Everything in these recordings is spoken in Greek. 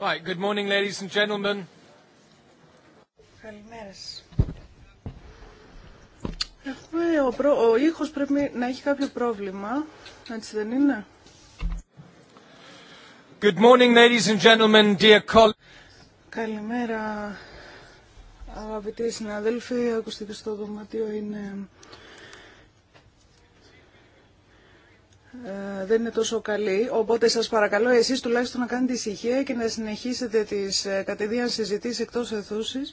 Right, good morning, ladies and gentlemen. Έχουμε, ο, προ... ο ήχος πρέπει να έχει κάποιο πρόβλημα, έτσι δεν είναι. Good morning, ladies and gentlemen, dear colleagues. Καλημέρα, αγαπητοί συναδέλφοι. Ακούστε και στο δωματίο είναι Ε, δεν είναι τόσο καλή, οπότε σας παρακαλώ εσείς τουλάχιστον να κάνετε ησυχία και να συνεχίσετε τις ε, κατεδίαν συζητήσεις εκτός εθούσης.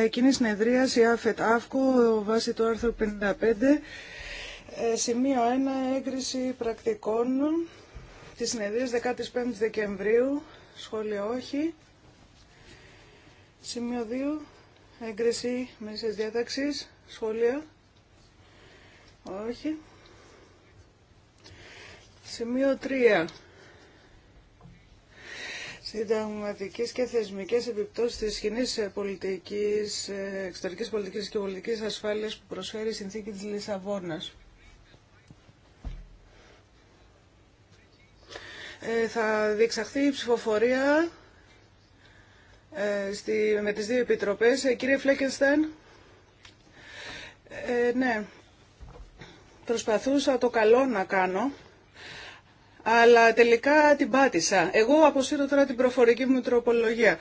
Ε, κοινή συνεδρίαση ΑΦΕΤ ΑΦΚΟ βάσει του άρθρου 55 ε, σημείο 1 έγκριση πρακτικών της συνεδρίας 15 Δεκεμβρίου σχόλια όχι σημείο 2 έγκριση μέσης διάταξης σχόλια όχι. Σημείο 3. Συνταγματικές και θεσμικές επιπτώσεις της κοινή πολιτικής, εξωτερικής πολιτικής και πολιτικής ασφάλειας που προσφέρει η συνθήκη της Λισαβόνας. Ε, θα διεξαχθεί η ψηφοφορία ε, στη, με τις δύο επιτροπές. Ε, κύριε Φλέκενσταν, ε, ναι, Προσπαθούσα το καλό να κάνω, αλλά τελικά την πάτησα. Εγώ αποσύρω τώρα την προφορική μου τροπολογία,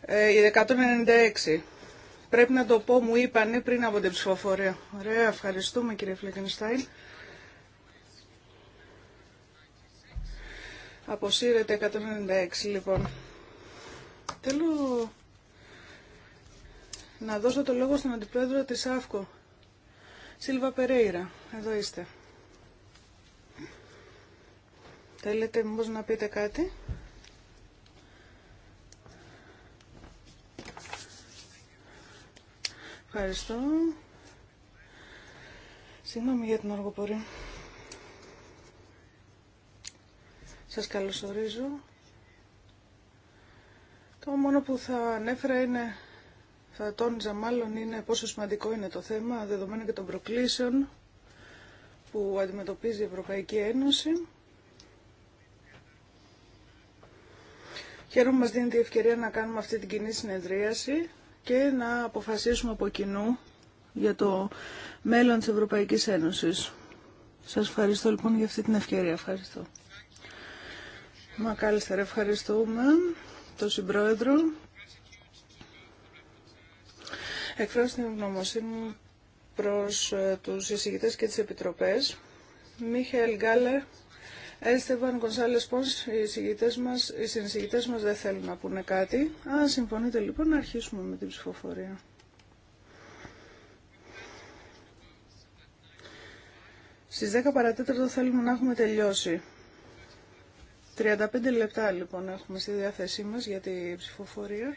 ε, η 196. Πρέπει να το πω, μου είπανε πριν από την ψηφοφορία. Ωραία, ευχαριστούμε κύριε Φλεκενστάιν. Αποσύρεται 196 λοιπόν. Θέλω να δώσω το λόγο στον Αντιπρόεδρο της ΑΦΚΟ. Σίλβα Περέιρα, εδώ είστε. Θέλετε μήπως να πείτε κάτι. Ευχαριστώ. Συγγνώμη για την αργοπορία. Σας καλωσορίζω. Το μόνο που θα ανέφερα είναι θα τόνιζα μάλλον είναι πόσο σημαντικό είναι το θέμα δεδομένου και των προκλήσεων που αντιμετωπίζει η Ευρωπαϊκή Ένωση. Χαίρομαι μας δίνει την ευκαιρία να κάνουμε αυτή την κοινή συνεδρίαση και να αποφασίσουμε από κοινού για το μέλλον της Ευρωπαϊκής Ένωσης. Σας ευχαριστώ λοιπόν για αυτή την ευκαιρία. Ευχαριστώ. Μα ευχαριστούμε τον Συμπρόεδρο εκφράσω την ευγνωμοσύνη μου προς ε, τους εισηγητές και τις επιτροπές. Μίχελ Γκάλε, Έστεβαν κονσάλες Πόνς, οι συνεισηγητές μας, οι συνεισηγητές μας δεν θέλουν να πούνε κάτι. Αν συμφωνείτε λοιπόν να αρχίσουμε με την ψηφοφορία. Στις 10 παρατέταρτο θέλουμε να έχουμε τελειώσει. 35 λεπτά λοιπόν έχουμε στη διάθεσή μας για την ψηφοφορία.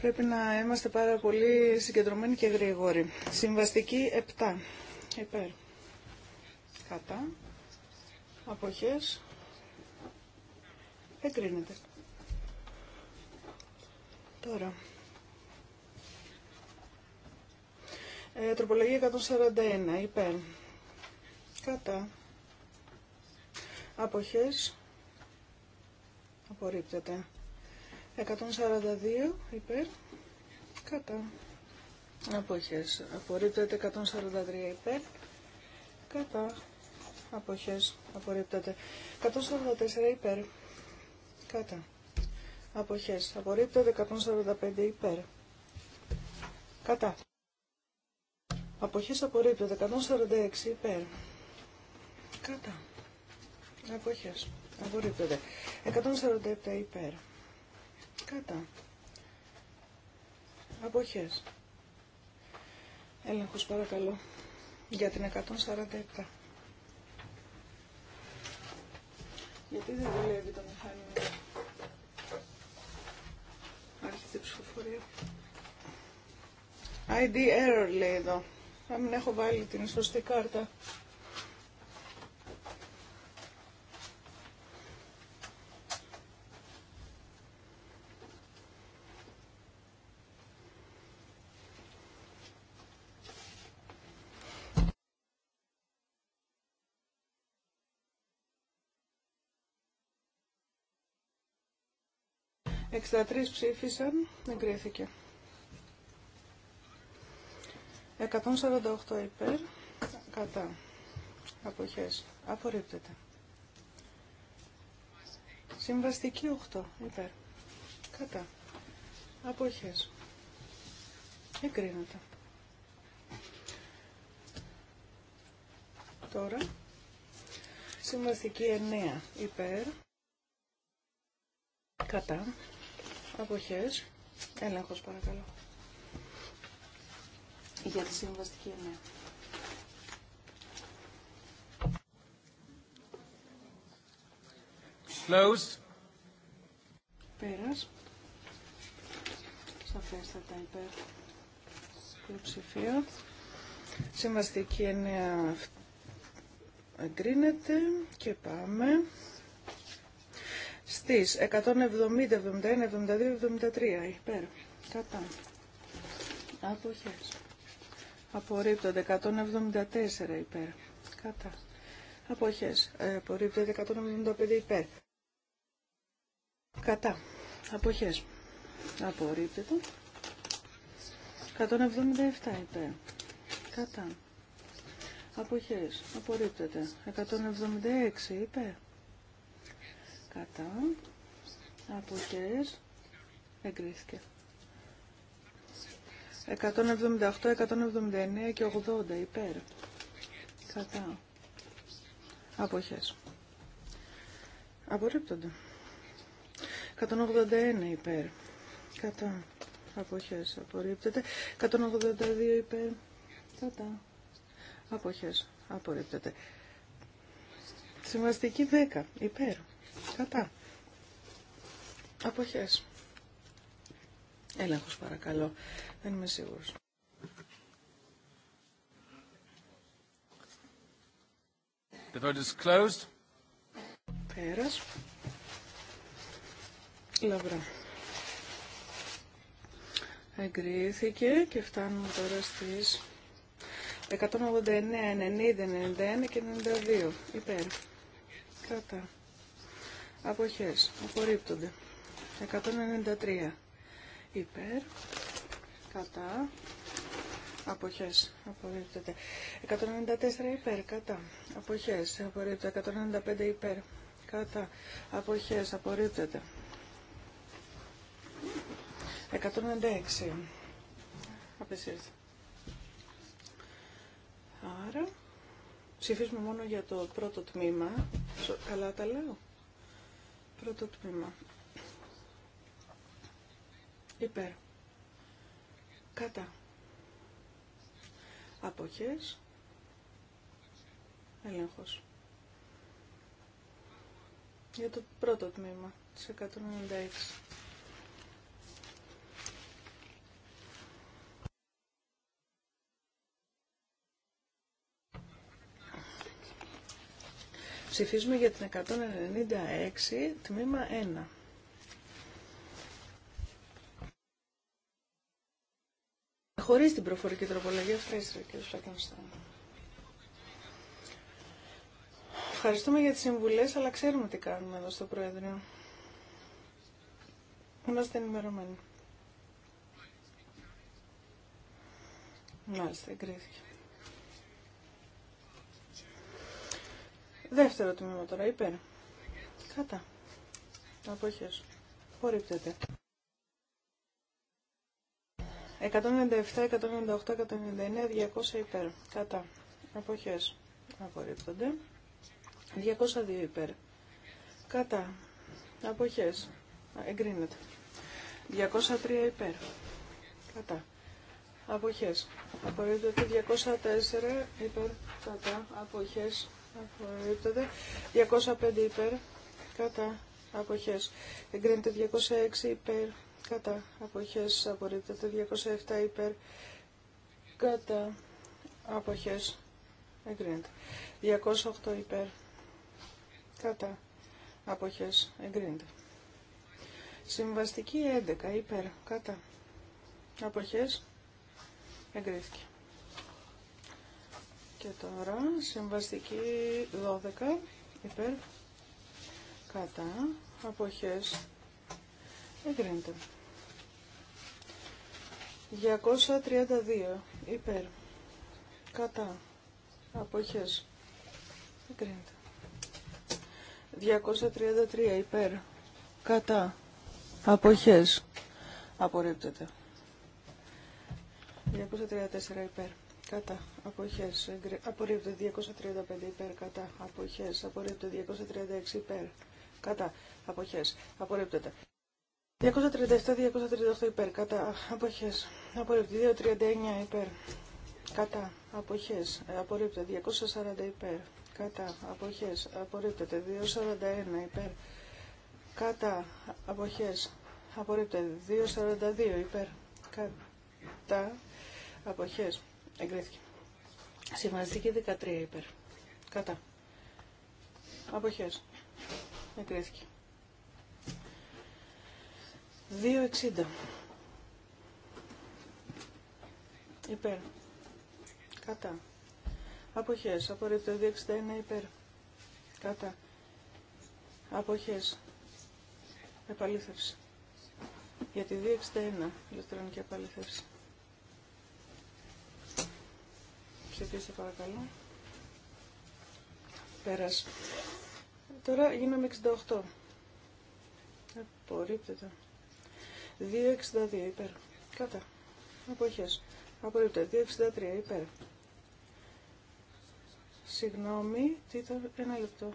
Πρέπει να είμαστε πάρα πολύ συγκεντρωμένοι και γρήγοροι. Συμβαστική 7. Υπέρ. Κατά. Αποχές. Εγκρίνεται. Τώρα. Ε, τροπολογία 141. Υπέρ. Κατά. Αποχές. Απορρίπτεται. 142 υπέρ κατά αποχές απορρίπτεται 143 υπέρ κατά αποχές απορρίπτεται 144 υπέρ κατά αποχές απορρίπτεται 145 υπέρ κατά αποχές απορρίπτεται 146 υπέρ κατά αποχές απορρίπτεται 147 υπέρ Κατά. Αποχές. Έλεγχος παρακαλώ για την 147. Γιατί δεν δουλεύει το μηχάνημα. άρχισε η ψηφοφορία. ID error λέει εδώ. Αν έχω βάλει την σωστή κάρτα. 63 ψήφισαν, εγκρίθηκε. 148 υπέρ, κατά. Αποχές. Απορρίπτεται. Συμβαστική 8 υπέρ, κατά. Αποχές. Εγκρίνεται. Τώρα, συμβαστική 9 υπέρ, κατά αποχές, έλεγχος παρακαλώ, για τη συμβαστική εννέα. Closed. Πέρας. Σαφέστατα υπέρ ψηφίου. Συμβαστική ενέα εγκρίνεται και πάμε στις 170, 71, 72, 73 υπέρ κατά αποχές απορρίπτονται 174 υπέρ κατά αποχές ε, απορρίπτονται 175 υπέρ κατά αποχές απορρίπτεται 177 υπέρ κατά αποχές απορρίπτεται 176 υπέρ κατά αποχές εγκρίθηκε 178, 179 και 80 υπέρ κατά αποχές απορρίπτονται 181 υπέρ κατά αποχές απορρίπτεται 182 υπέρ κατά αποχές απορρίπτεται Συμβαστική 10 υπέρ Κατά. Αποχές. Έλεγχος παρακαλώ. Δεν είμαι σίγουρος. The vote is closed. Πέρας. Εγκρίθηκε και φτάνουμε τώρα στις 189, 90, 91 και 92. Υπέρ. Κατά. Αποχές. Απορρίπτονται. 193. Υπέρ. Κατά. Αποχές. Απορρίπτονται. 194 υπέρ. Κατά. Αποχές. Απορρίπτονται. 195 υπέρ. Κατά. Αποχές. Απορρίπτονται. 196. Απεσύρθη. Άρα, ψηφίσουμε μόνο για το πρώτο τμήμα. Καλά τα λέω. Πρώτο τμήμα. Υπέρ. Κατά. Αποχές. Έλεγχος. Για το πρώτο τμήμα, της 196. Ψηφίζουμε για την 196, τμήμα 1. Χωρίς την προφορική τροπολογία, ευχαριστώ κύριε Φρακενστάν. Ευχαριστούμε για τις συμβουλές, αλλά ξέρουμε τι κάνουμε εδώ στο Προεδρείο. Είμαστε ενημερωμένοι. Μάλιστα, εγκρίθηκε. Δεύτερο τμήμα τώρα, υπέρ. Κατά. Αποχές. Απορρίπτεται. 197, 198, 199, 200 υπέρ. Κατά. Αποχές. Απορρίπτονται. 202 υπέρ. Κατά. Αποχές. Εγκρίνεται. 203 υπέρ. Κατά. Αποχές. Απορρίπτεται 204 υπέρ. Κατά. Αποχές. 205 υπέρ. Κατά. Αποχές. Εγκρίνεται 206 υπέρ. Κατά. Αποχές. Απορρίπτεται. 207 υπέρ. Κατά. Αποχές. Εγκρίνεται. 208 υπέρ. Κατά. Αποχές. Εγκρίνεται. Συμβαστική 11 υπέρ. Κατά. Αποχές. Εγκρίθηκε. Και τώρα συμβαστική 12 υπέρ κατά αποχές εγκρίνεται. 232 υπέρ κατά αποχές εγκρίνεται. 233 υπέρ κατά αποχές απορρίπτεται. 234 υπέρ κατά αποχές απορρίπτεται 235 υπέρ κατά αποχές απορρίπτεται 236 υπέρ κατά αποχές απορρίπτεται 237-238 υπέρ κατά αποχές απορρίπτεται 239 υπέρ κατά αποχές απορρίπτεται 240 υπέρ κατά αποχές απορρίπτεται 241 υπέρ κατά αποχές απορρίπτεται 242 υπέρ κατά αποχές Εγκρίθηκε. Συμβαστική 13 υπέρ. Κατά. Αποχές. Εγκρίθηκε. 2.60. Υπέρ. Κατά. Αποχές. Απορρίπτω 2.61 υπέρ. Κατά. Αποχές. Επαλήθευση. Γιατί 2.61 ηλεκτρονική επαλήθευση. ψηφίστε παρακαλώ. Πέρας. Τώρα γίναμε 68. Απορρίπτεται. 2,62 υπέρ. Κατά. Αποχές. Απορρίπτεται. 2,63 υπέρ. Συγγνώμη, τι ήταν, ένα λεπτό.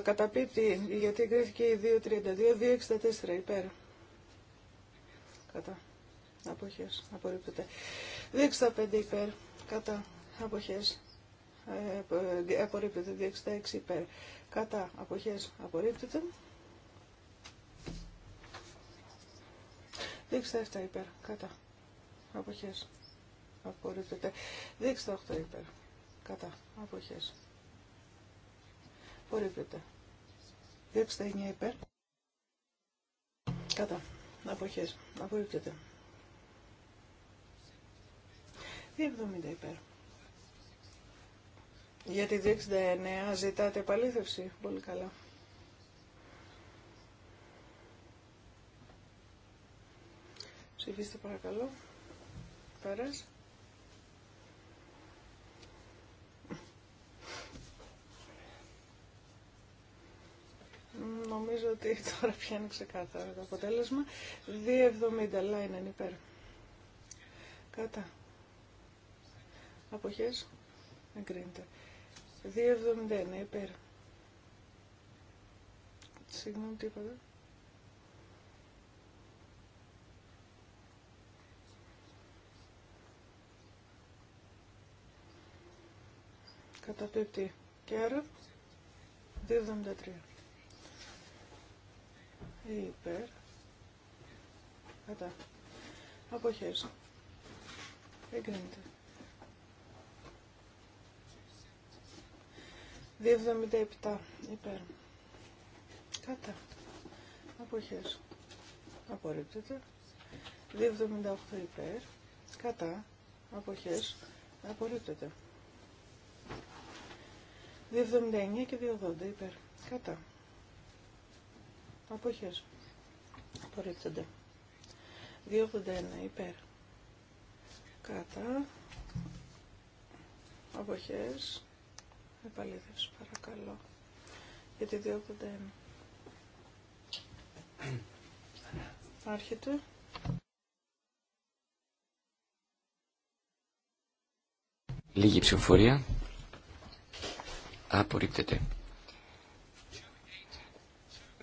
καταπίτη, γιατί εγκρίθηκε η 2.32, 2.64 υπέρ. Κατά. Αποχές. Απορρίπτεται. 2.65 υπέρ. Κατά. Αποχές. Ε, ε απορρίπτεται. 2.66 υπέρ. Κατά. Αποχές. Απορρίπτεται. 2.67 υπέρ. Κατά. Αποχές. Απορρίπτεται. 2.68 υπέρ. Κατά. Αποχές. Απορρίπτεται. 269 υπέρ. Κατά. Αποχές. Απορρίπτεται. 270 υπέρ. Για τη 269 ζητάτε επαλήθευση. Πολύ καλά. Ψηφίστε παρακαλώ. Πέρας. Νομίζω ότι τώρα πιάνει ξεκάθαρα ξεκάθαρο το αποτέλεσμα. 2,70 Λάινεν υπέρ. Κατά. Αποχές. Εγκρίνεται. 2,71 υπέρ. Συγγνώμη, τίποτα. Κατά εδώ. Και άρα 2,73 υπέρ, κατά, αποχές, εγκρίνεται. 2,77 υπέρ, κατά, αποχές, απορρίπτεται. 2,78 υπέρ, κατά, αποχές, απορρίπτεται. 2,79 και 2,80 υπέρ, κατά Αποχές. Απορρίπτονται. 281 υπέρ. Κατά. Αποχές. Επαλήθευση παρακαλώ. Γιατί 281. Άρχεται. Λίγη ψηφοφορία. Απορρίπτεται.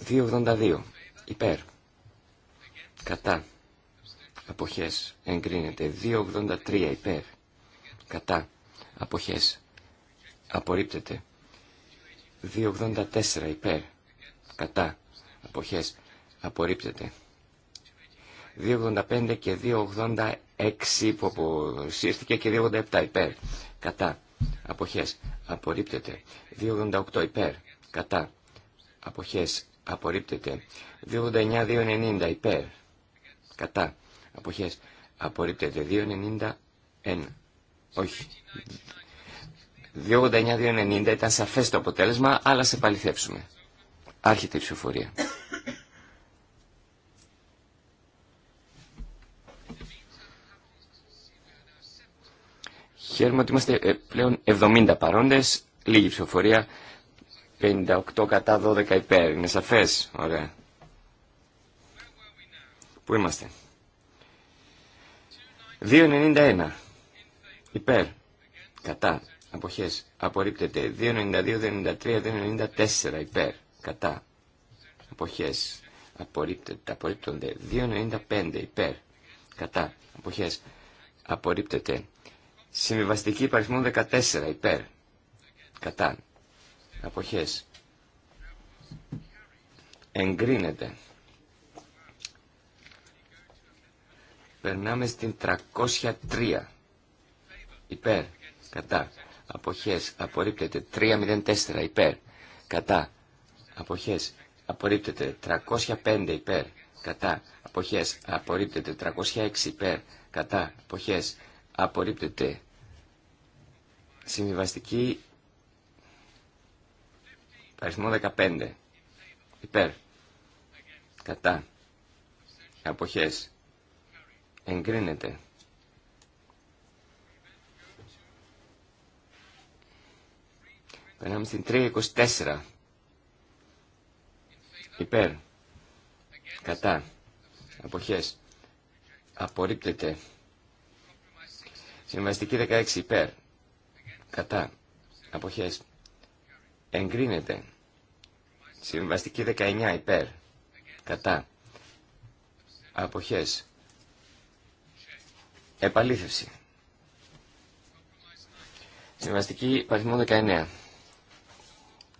282. Υπέρ. Κατά. Αποχές. Εγκρίνεται. 283. Υπέρ. Κατά. Αποχές. Απορρίπτεται. 284. Υπέρ. Κατά. Αποχές. Απορρίπτεται. 285 και 286 που αποσύρθηκε και 287 υπέρ. Κατά. Αποχές. Απορρίπτεται. 288 υπέρ. Κατά. Αποχές απορρίπτεται. 289-290 υπέρ. Κατά. Αποχές. Απορρίπτεται. 291. Όχι. 289-290 ήταν σαφές το αποτέλεσμα, αλλά σε παληθεύσουμε. Άρχεται η ψηφοφορία. Χαίρομαι ότι είμαστε ε, πλέον 70 παρόντες, λίγη ψηφοφορία, 58 κατά 12 υπέρ. Είναι σαφές. Ωραία. Πού είμαστε. 2.91 υπέρ. Κατά. Αποχές. Απορρίπτεται. 2.92, 2.93, 2.94 υπέρ. Κατά. Αποχές. Απορρίπτεται. Απορρίπτονται. 2.95 υπέρ. Κατά. Αποχές. Απορρίπτεται. Συμβιβαστική υπαριθμό 14 υπέρ. Κατά αποχές εγκρίνεται. Περνάμε στην 303. Υπέρ, κατά, αποχές, απορρίπτεται. 304, υπέρ, κατά, αποχές, απορρίπτεται. 305, υπέρ, κατά, αποχές, απορρίπτεται. 306, υπέρ, κατά, αποχές, απορρίπτεται. Συμβιβαστική Αριθμό 15. Υπέρ. Κατά. Αποχές. Εγκρίνεται. Περνάμε στην 324. Υπέρ. Κατά. Αποχές. Απορρίπτεται. Συμβαστική 16 υπέρ. Κατά. Αποχές εγκρίνεται. Συμβαστική 19 υπέρ. Κατά. Αποχές. Επαλήθευση. Συμβαστική παριθμό 19.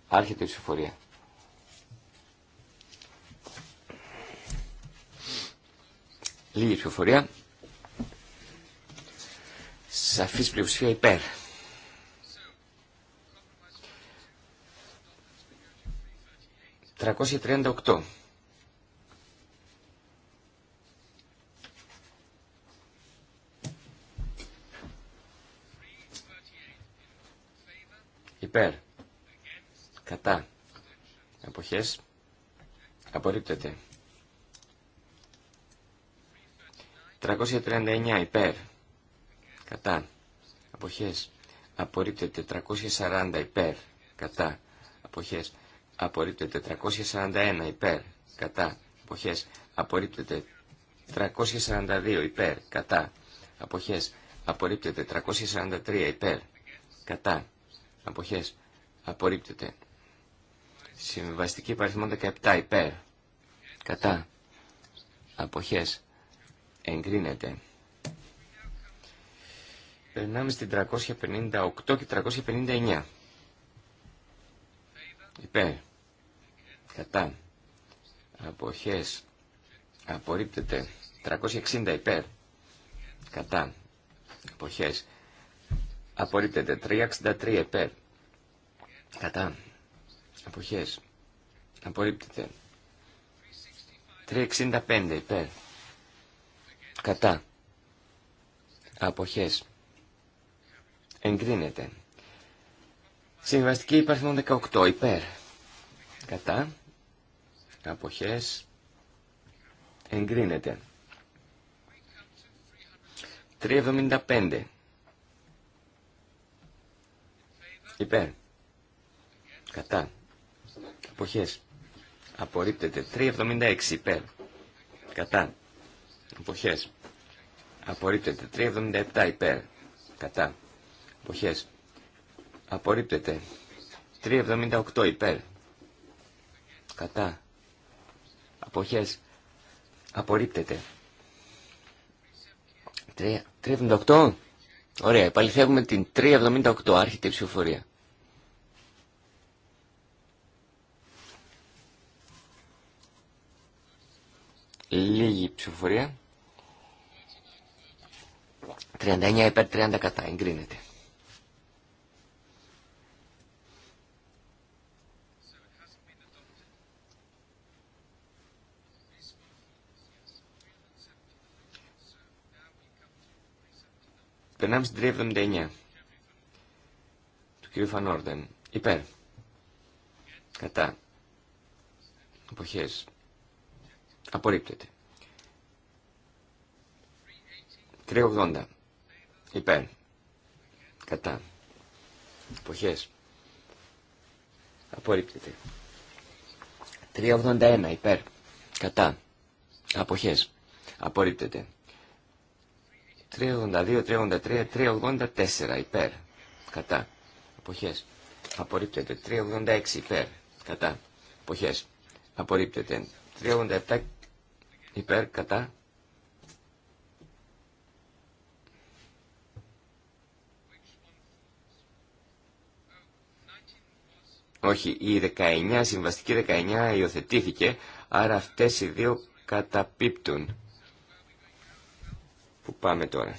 Άρχεται η ψηφοφορία. Λίγη ψηφοφορία. Σαφής πλειοψηφία υπέρ. 338. Υπέρ. Κατά. Εποχές. Απορρίπτεται. 339 υπέρ. Κατά. Αποχές. Απορρίπτεται. 340 υπέρ. Κατά. Αποχές απορρίπτεται 341 υπέρ κατά αποχές απορρίπτεται 342 υπέρ κατά αποχές απορρίπτεται 343 υπέρ κατά αποχές απορρίπτεται συμβαστική παριθμό 17 υπέρ κατά αποχές εγκρίνεται περνάμε στην 358 και 359 υπέρ κατά αποχές απορρίπτεται 360 υπέρ κατά αποχές απορρίπτεται 363 υπέρ κατά αποχές απορρίπτεται 365 υπέρ κατά αποχές εγκρίνεται συμβαστική υπάρχουν 18 υπέρ κατά αποχές εγκρίνεται. 375 υπέρ κατά αποχές απορρίπτεται. 376 υπέρ κατά αποχές απορρίπτεται. 377 υπέρ κατά αποχές απορρίπτεται. 378 υπέρ κατά αποχές απορρίπτεται. 378. Ωραία, επαληθεύουμε την 378, άρχεται η ψηφοφορία. Λίγη ψηφοφορία. 39 υπέρ 30 κατά, εγκρίνεται. Περνάμε στην 379 του κ. Φανόρδεν Υπέρ. Κατά. Εποχές. Απορρίπτεται. 380. Υπέρ. Κατά. Εποχές. Απορρίπτεται. 381. Υπέρ. Κατά. Αποχές. Απορρίπτεται. 382, 383, 384 υπέρ. Κατά. Αποχές. Απορρίπτεται. 386 υπέρ. Κατά. Αποχές. Απορρίπτεται. 387 υπέρ. Κατά. Όχι, η 19, συμβαστική 19 υιοθετήθηκε, άρα αυτές οι δύο καταπίπτουν. Πού πάμε τώρα.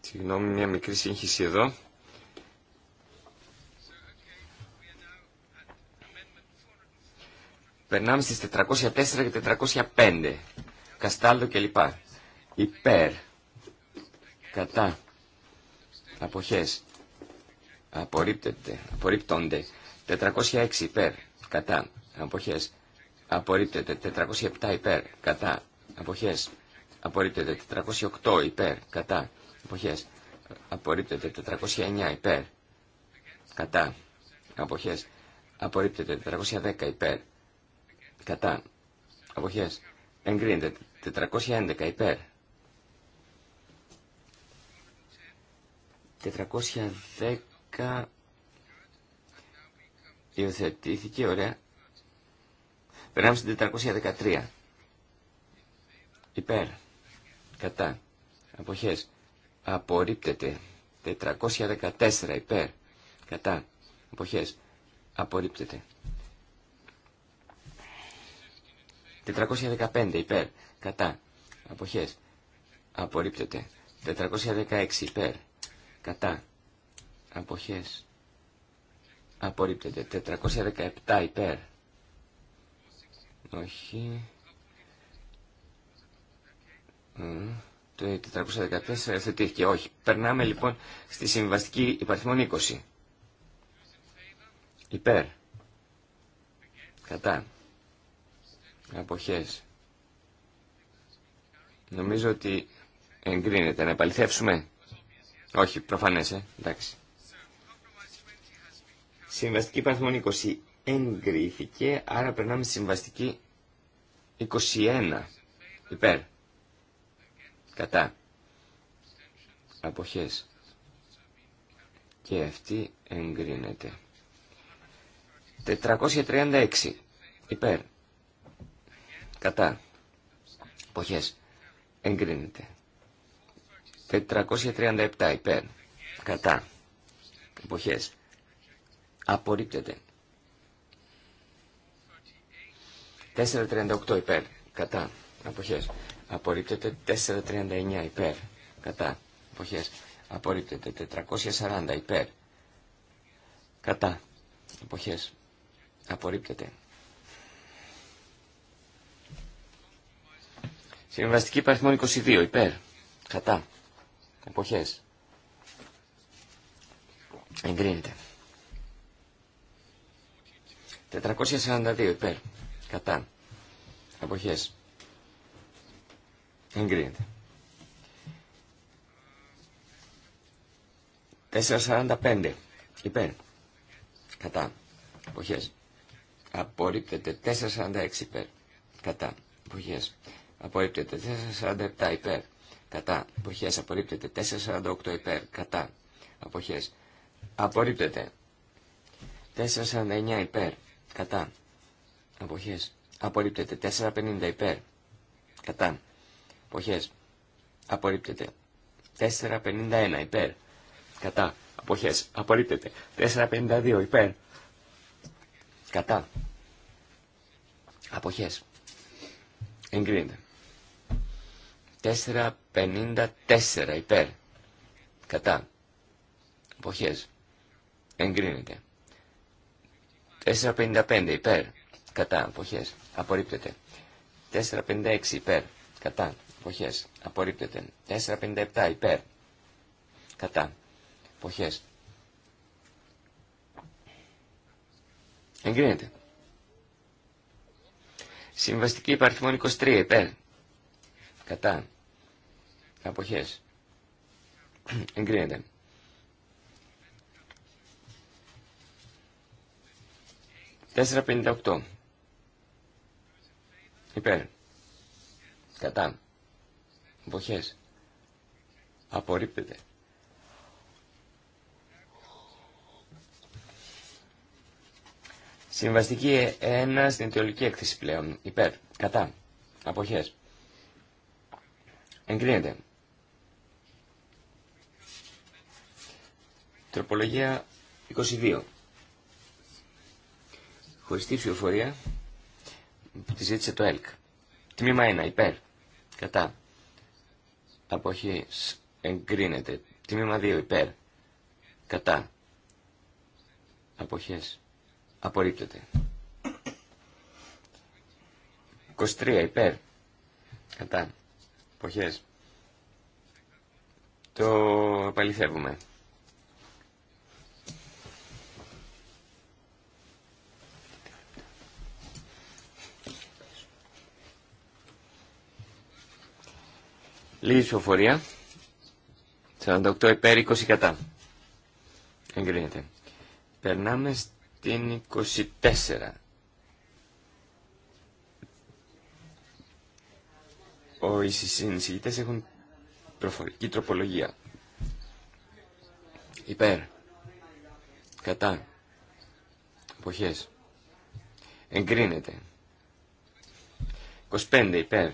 Συγγνώμη, μια μικρή σύγχυση εδώ. Περνάμε στις 404 και 405. Καστάλτο κλπ. Υπέρ. Κατά. Αποχές απορρίπτεται, απορρίπτονται 406 υπέρ κατά αποχές απορρίπτεται 407 υπέρ κατά αποχές απορρίπτεται 408 υπέρ κατά αποχές απορρίπτεται 409 υπέρ κατά αποχές απορρίπτεται 410 υπέρ κατά αποχές εγκρίνεται 411 υπέρ 410 υιοθετήθηκε, ωραία. Περνάμε στην 413. Υπέρ. Κατά. Αποχές. Απορρίπτεται. 414 υπέρ. Κατά. Αποχές. Απορρίπτεται. 415 υπέρ. Κατά. Αποχές. Απορρίπτεται. 416 υπέρ. Κατά αποχές απορρίπτεται 417 υπέρ όχι το 414 θετήθηκε όχι περνάμε λοιπόν στη συμβαστική υπαρθμόν 20 υπέρ κατά αποχές νομίζω ότι εγκρίνεται να επαληθεύσουμε όχι προφανές ε εντάξει Συμβαστική παραθμόν 20 εγκρίθηκε, άρα περνάμε στη συμβαστική 21. Υπέρ. Κατά. Αποχές. Και αυτή εγκρίνεται. 436. Υπέρ. Κατά. Αποχές. Εγκρίνεται. 437. Υπέρ. Κατά. Αποχές. Απορρίπτεται. 4.38 υπέρ. Κατά. Αποχές. Απορρίπτεται. 4.39 υπέρ. Κατά. Αποχές. Απορρίπτεται. 440 υπέρ. Κατά. Αποχές. Απορρίπτεται. Συμβαστική παριθμόν 22 υπέρ. Κατά. Αποχές. Εγκρίνεται. 442 υπέρ. Κατά. Αποχές. Εγκρίνεται. 445 υπέρ. Κατά. Αποχές. Απορρίπτεται 446 υπέρ. Κατά. Αποχές. Απορρίπτεται 447 υπέρ. Κατά. Αποχές. Απορρίπτεται 448 υπέρ. Κατά. Αποχές. Απορρίπτεται 449 υπέρ κατά αποχές απορρίπτεται 4.50 υπέρ κατά αποχές απορρίπτεται 4.51 υπέρ κατά αποχές απορρίπτεται 4.52 υπέρ κατά αποχές εγκρίνεται 4.54 υπέρ κατά αποχές εγκρίνεται 4.55 υπέρ. Κατά αποχές. Απορρίπτεται. 4.56 υπέρ. Κατά αποχές. Απορρίπτεται. 4.57 υπέρ. Κατά αποχές. Εγκρίνεται. Συμβαστική υπαριθμόν 23 υπέρ. Κατά αποχές. Εγκρίνεται. 458. Υπέρ. Κατά. Εποχές. Απορρίπτεται. Συμβαστική 1 στην αιτιολική έκθεση πλέον. Υπέρ. Κατά. Αποχές. Εγκρίνεται. Τροπολογία 22. Χωριστή ψηφοφορία που τη ζήτησε το ΕΛΚ. Τμήμα 1. Υπέρ. Κατά. Αποχής. Εγκρίνεται. Τμήμα 2. Υπέρ. Κατά. Αποχές. Απορρίπτεται. 23. Υπέρ. Κατά. Αποχές. Το επαληθεύουμε. Λίγη ψηφοφορία. 48 υπέρ 20 κατά. Εγκρίνεται. Περνάμε στην 24. Ο, οι συνεισηγητέ έχουν προφορική τροπολογία. Υπέρ. Κατά. Εποχές. Εγκρίνεται. 25 υπέρ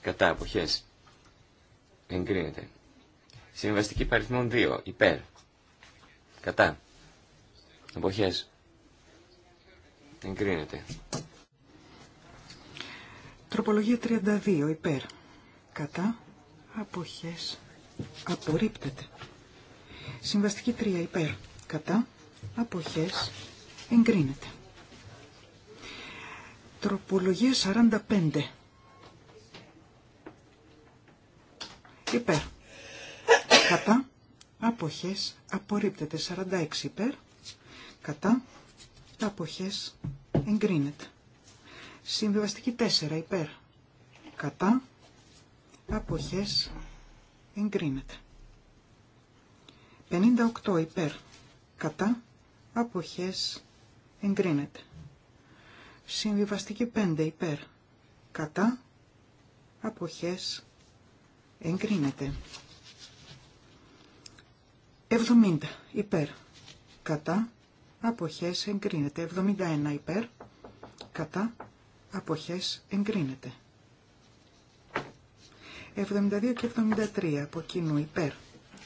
κατά εποχές εγκρίνεται. Συμβαστική παριθμών 2 υπέρ κατά αποχές εγκρίνεται. Τροπολογία 32 υπέρ κατά αποχές απορρίπτεται. Συμβαστική 3 υπέρ κατά αποχές εγκρίνεται. Τροπολογία 45 υπέρ. Κατά αποχές απορρίπτεται 46 υπέρ. Κατά τα αποχές εγκρίνεται. Συμβιβαστική 4 υπέρ. Κατά αποχές εγκρίνεται. 58 υπέρ. Κατά αποχές εγκρίνεται. Συμβιβαστική 5 υπέρ. Κατά αποχές Εγκρίνεται. 70 υπέρ. Κατά. Αποχές εγκρίνεται. 71 υπέρ. Κατά. Αποχές εγκρίνεται. 72 και 73 από κοινού υπέρ.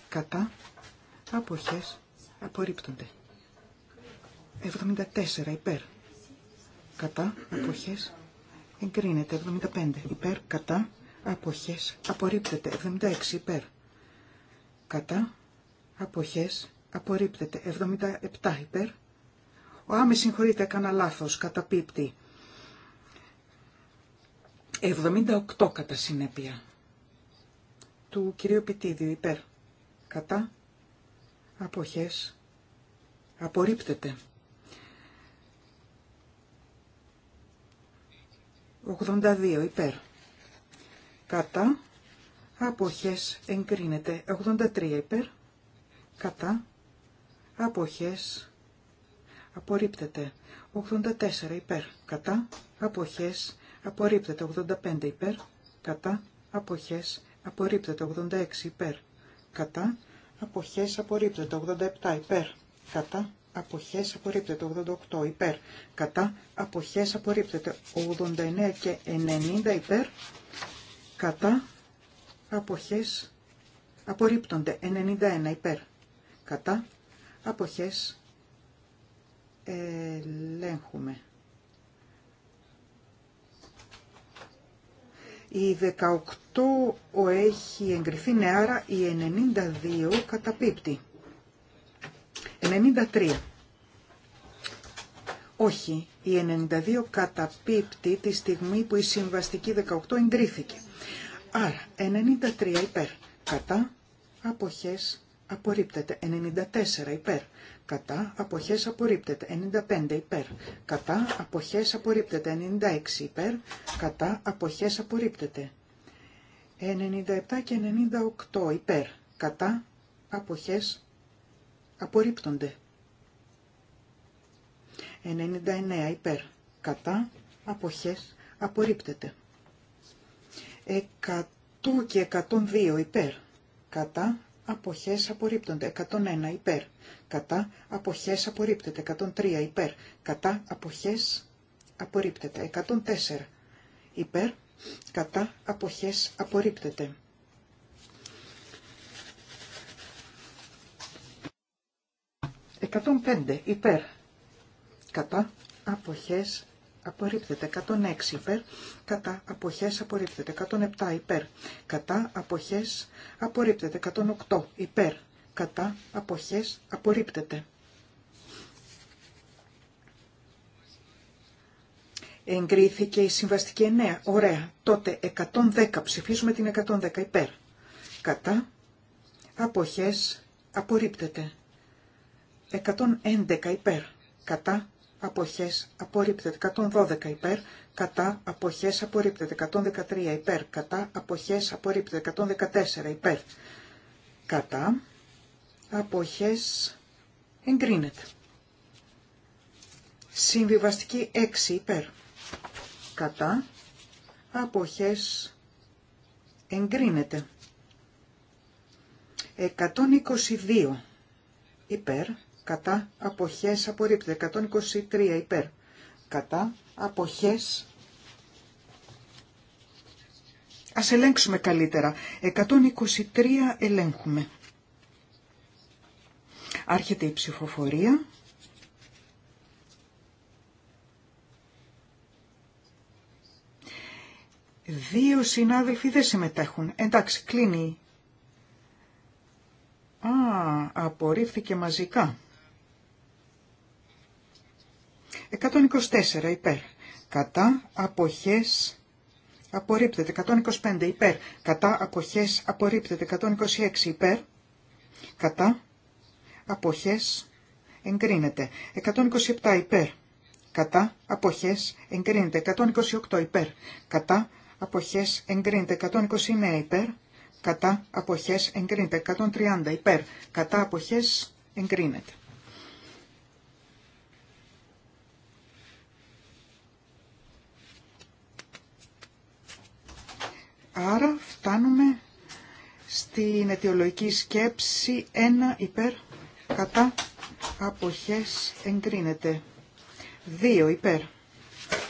Κατά. Αποχές απορρίπτονται. 74 υπέρ. Κατά. Αποχές εγκρίνεται. 75 υπέρ. Κατά αποχές απορρίπτεται 76 υπέρ. Κατά αποχές απορρίπτεται 77 υπέρ. Ο άμε συγχωρείται. έκανα λάθος, καταπίπτει. 78 κατά συνέπεια του κυρίου Πιτίδιου υπέρ. Κατά αποχές απορρίπτεται. 82 υπέρ κατά, αποχές εγκρίνεται. 83 υπέρ, κατά, αποχές απορρίπτεται. 84 υπέρ, κατά, αποχές απορρίπτεται. 85 υπέρ, κατά, αποχές απορρίπτεται. 86 υπέρ, κατά, αποχές απορρίπτεται. 87 υπέρ, κατά, αποχές απορρίπτεται 88 υπέρ, κατά αποχές απορρίπτεται 89 και 90 υπέρ, κατά, αποχές, απορρίπτονται. 91 υπέρ, κατά, αποχές, ελέγχουμε. Η 18 ο έχει εγκριθεί νεάρα, ναι, η 92 καταπίπτει. 93. Όχι, η 92 καταπίπτει τη στιγμή που η συμβαστική 18 εγκρίθηκε. Άρα 93 υπέρ κατά αποχές απορρίπτεται. 94 υπέρ κατά αποχές απορρίπτεται. 95 υπέρ κατά αποχές απορρίπτεται. 96 υπέρ κατά αποχές απορρίπτεται. 97 και 98 υπέρ κατά αποχές απορρίπτονται. 99 υπέρ. Κατά αποχές απορρίπτεται. 100 και 102 υπέρ. Κατά αποχές απορρίπτονται. 101 υπέρ. Κατά αποχές απορρίπτεται. 103 υπέρ. Κατά αποχές απορρίπτεται. 104 υπέρ. Κατά αποχές απορρίπτεται. 105 υπέρ κατά αποχές απορρίπτεται 106 υπέρ, κατά αποχές απορρίπτεται 107 υπέρ, κατά αποχές απορρίπτεται 108 υπέρ, κατά αποχές απορρίπτεται. Εγκρίθηκε η συμβαστική 9. Ωραία. Τότε 110. Ψηφίζουμε την 110 υπέρ. Κατά. Αποχές. Απορρίπτεται. 111 υπέρ. Κατά αποχές απορρίπτεται. 112 υπέρ, κατά αποχές απορρίπτεται. 113 υπέρ, κατά αποχές απορρίπτεται. 114 υπέρ, κατά αποχές εγκρίνεται. Συμβιβαστική 6 υπέρ, κατά αποχές εγκρίνεται. 122 υπέρ, κατά αποχές απορρίπτεται 123 υπέρ κατά αποχές ας ελέγξουμε καλύτερα 123 ελέγχουμε άρχεται η ψηφοφορία Δύο συνάδελφοι δεν συμμετέχουν. Εντάξει, κλείνει. Α, απορρίφθηκε μαζικά. 124 υπέρ. Κατά αποχές απορρίπτεται. 125 υπέρ. Κατά αποχές απορρίπτεται. 126 υπέρ. Κατά αποχές εγκρίνεται. 127 υπέρ. Κατά αποχές εγκρίνεται. 128 υπέρ. Κατά αποχές εγκρίνεται. 129 υπέρ. Κατά αποχές εγκρίνεται. 130 υπέρ. Κατά αποχές εγκρίνεται. Άρα φτάνουμε στην αιτιολογική σκέψη 1 υπέρ κατά αποχές εγκρίνεται. 2 υπέρ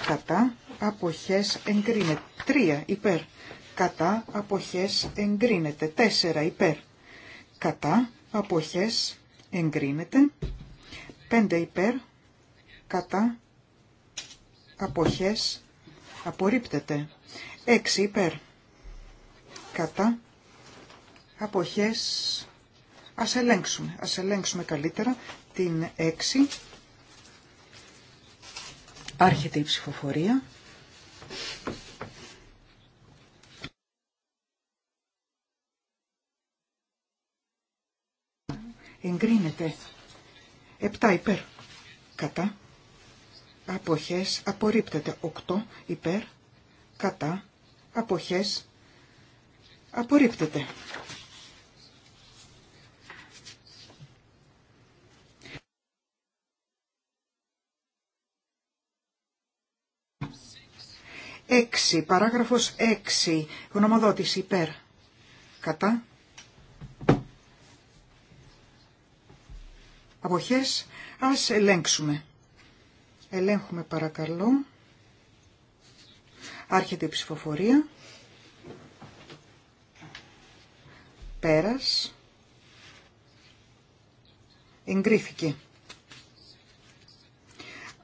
κατά αποχές εγκρίνεται. 3 υπέρ κατά αποχές εγκρίνεται. 4 υπέρ κατά αποχές εγκρίνεται. 5 υπέρ κατά αποχές απορρίπτεται. 6 υπέρ κατά, αποχές, ας ελέγξουμε, ας ελέγξουμε καλύτερα την 6. Άρχεται η ψηφοφορία. Εγκρίνεται. 7 υπέρ. Κατά. Αποχές. Απορρίπτεται. 8 υπέρ. Κατά. Αποχές. Απορρίπτεται. Έξι, παράγραφος 6, γνωμοδότηση υπέρ, κατά, αποχές, ας ελέγξουμε. Ελέγχουμε παρακαλώ, άρχεται η ψηφοφορία. Πέρας. Εγκρίθηκε.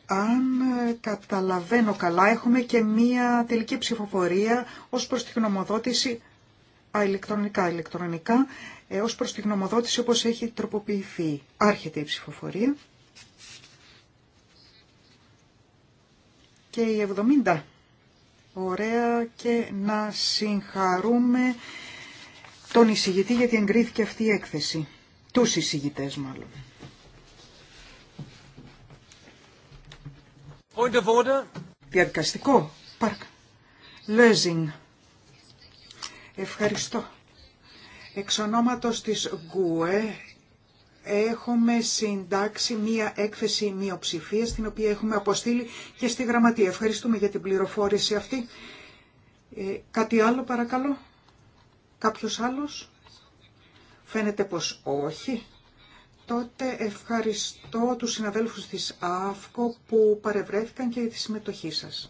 Αν καταλαβαίνω καλά, έχουμε και μία τελική ψηφοφορία ως προς τη γνωμοδότηση, α, ηλεκτρονικά, ηλεκτρονικά, ε, ως προς τη γνωμοδότηση όπως έχει τροποποιηθεί. Άρχεται η ψηφοφορία. Και η 70. Ωραία και να συγχαρούμε τον εισηγητή γιατί εγκρίθηκε αυτή η έκθεση. Τους εισηγητές μάλλον. Διαδικαστικό. Παρκ. Λέζιν. Ευχαριστώ. Εξ ονόματος της ΓΚΟΕ έχουμε συντάξει μία έκθεση μειοψηφία την οποία έχουμε αποστείλει και στη γραμματεία. Ευχαριστούμε για την πληροφόρηση αυτή. Ε, κάτι άλλο παρακαλώ. Κάποιος άλλος. Φαίνεται πως όχι. Τότε ευχαριστώ τους συναδέλφους της ΑΦΚΟ που παρευρέθηκαν και για τη συμμετοχή σας.